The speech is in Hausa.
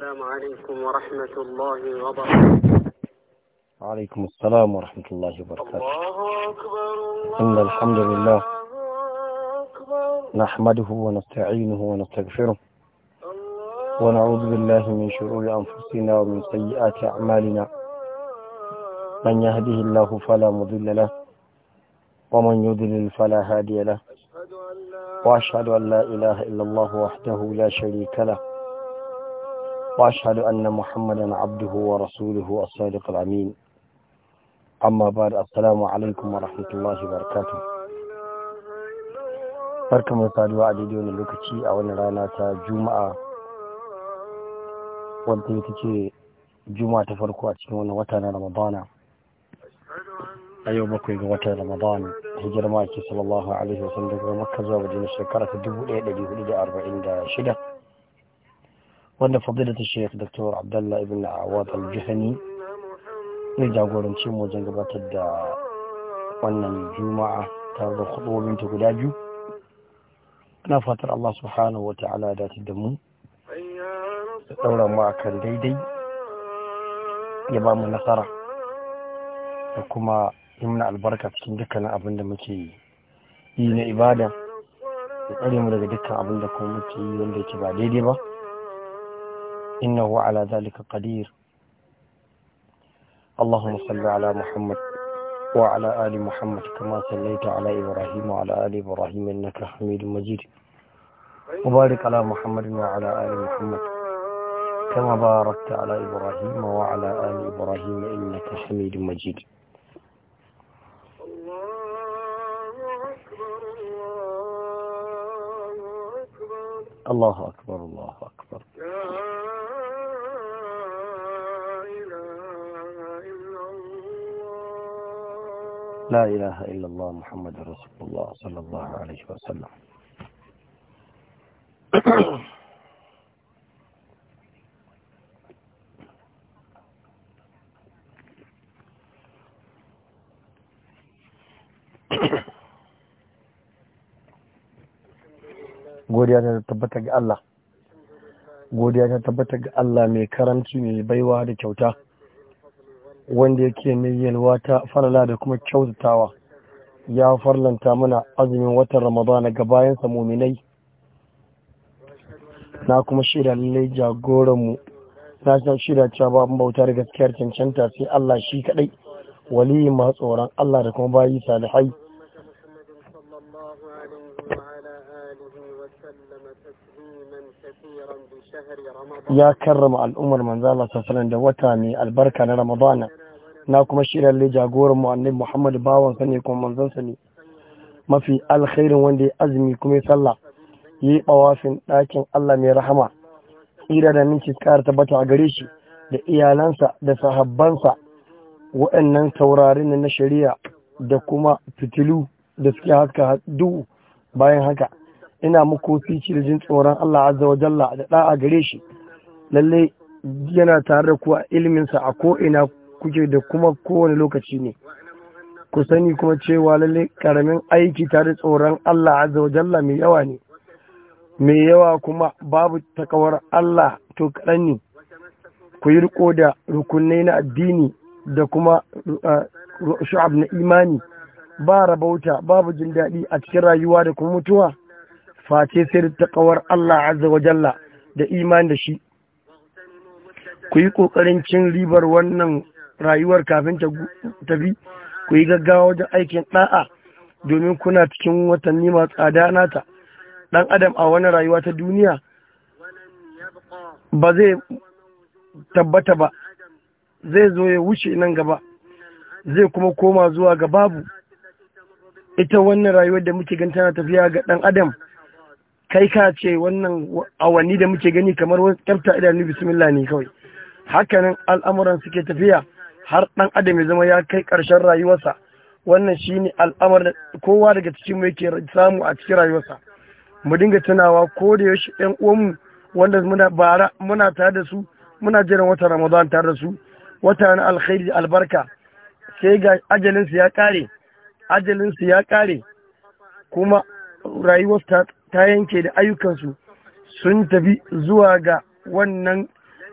السلام عليكم ورحمة الله وبركاته وعليكم السلام ورحمة الله وبركاته الله أكبر الله إن الحمد لله نحمده ونستعينه ونستغفره ونعوذ بالله من شرور أنفسنا ومن سيئات أعمالنا من يهده الله فلا مضل له ومن يضلل فلا هادي له وأشهد أن لا إله إلا الله وحده لا شريك له وأشهد أن محمدا عبده ورسوله الصادق الأمين أما بعد السلام عليكم ورحمة الله وبركاته barka mai saduwa a daidai wani lokaci a wani rana ta juma'a wadda ita ce juma'a ta farko a cikin wani wata na ramadana a yau bakwai ga watan ramadana hijar maki sallallahu alaihi wasallam daga makka zuwa wajen shekara ta 1446 wanda fadilat Sheikh Dr. Abdullah ibn Awad al-Juhani zai jagoranci mu wajen gabatar da wannan juma'a tare da hudubobin ta guda biyu ana fatar Allah subhanahu wa ta'ala ya da mu da daura mu akan daidai ya ba mu nasara da kuma yi mana albarka cikin dukkanin abin da muke yi na ibada da tsare mu daga dukkan abin da kuma muke yi wanda yake ba daidai ba إنه على ذلك قدير اللهم صل على محمد وعلى آل محمد كما صليت على إبراهيم وعلى آل إبراهيم إنك حميد مجيد وبارك على محمد وعلى آل محمد كما باركت على إبراهيم وعلى آل إبراهيم إنك حميد مجيد الله أكبر الله أكبر لا إله إلا الله محمد رسول الله صلى الله عليه وسلم godiya ta tabbata ga Allah godiya ta tabbata ga Allah mai karamci mai baiwa da kyauta wanda yake mai yalwa ta falala da kuma kyautatawa ya farlanta mana azumin watan ramadana ga bayansa muminai na kuma shida lallai jagoranmu na san shida cewa babu bauta da gaskiyar cancanta sai Allah shi kadai waliyin masu tsoron Allah da kuma bayi salihai ya karrama al'ummar manzala sallallahu da wata mai albarka na ramadana na kuma shirya le jagoran mu annabi muhammad bawan sa ne kuma manzon sa ne mafi alkhairin wanda ya azumi kuma ya sallah yi bawafin ɗakin allah mai rahama tsira da minci kara tabbata a gare shi da iyalansa da sahabbansa waɗannan taurarin na shari'a da kuma fitilu da suke haska duhu bayan haka ina muku fici da jin tsoron Allah azza wa jalla da da'a gare shi lalle yana tare da ku a sa a ko kuke da kuma kowane lokaci ne ku sani kuma cewa lalle karamin aiki tare tsoron Allah azza wa jalla mai yawa ne mai yawa kuma babu takawar Allah to kaɗan ne ku yi riko da rukunai na addini da kuma shu'ab na imani ba rabauta babu jin daɗi a cikin rayuwa da kuma mutuwa face sai da takawar Allah azza wa jalla da iman da shi ku yi ƙoƙarin cin ribar wannan rayuwar kafin ta tafi ku yi gaggawa wajen aikin ɗa'a? domin kuna cikin watanni masu tsada nata dan adam a wani rayuwa ta duniya ba zai tabbata ba zai zo ya wuce nan gaba zai kuma koma zuwa ga babu ita wannan rayuwar da muke gan tana tafiya ga ɗan adam kai ka ce wannan awanni da muke gani kamar wani kyafta idanu bismillah ne kawai hakanan al'amuran suke tafiya har ɗan adam ya zama ya kai ƙarshen rayuwarsa wannan shine al'amar da kowa daga cikin mu yake samu a cikin rayuwarsa mu dinga tunawa ko da yaushe ɗan uwanmu wanda muna bara muna tare da su muna jiran wata ramadan tare da su wata na alkhairi da albarka sai ga ajalinsu ya kare ajalinsu ya kare kuma rayuwarsu ta ta yanke da ayyukansu sun tafi zuwa ga wannan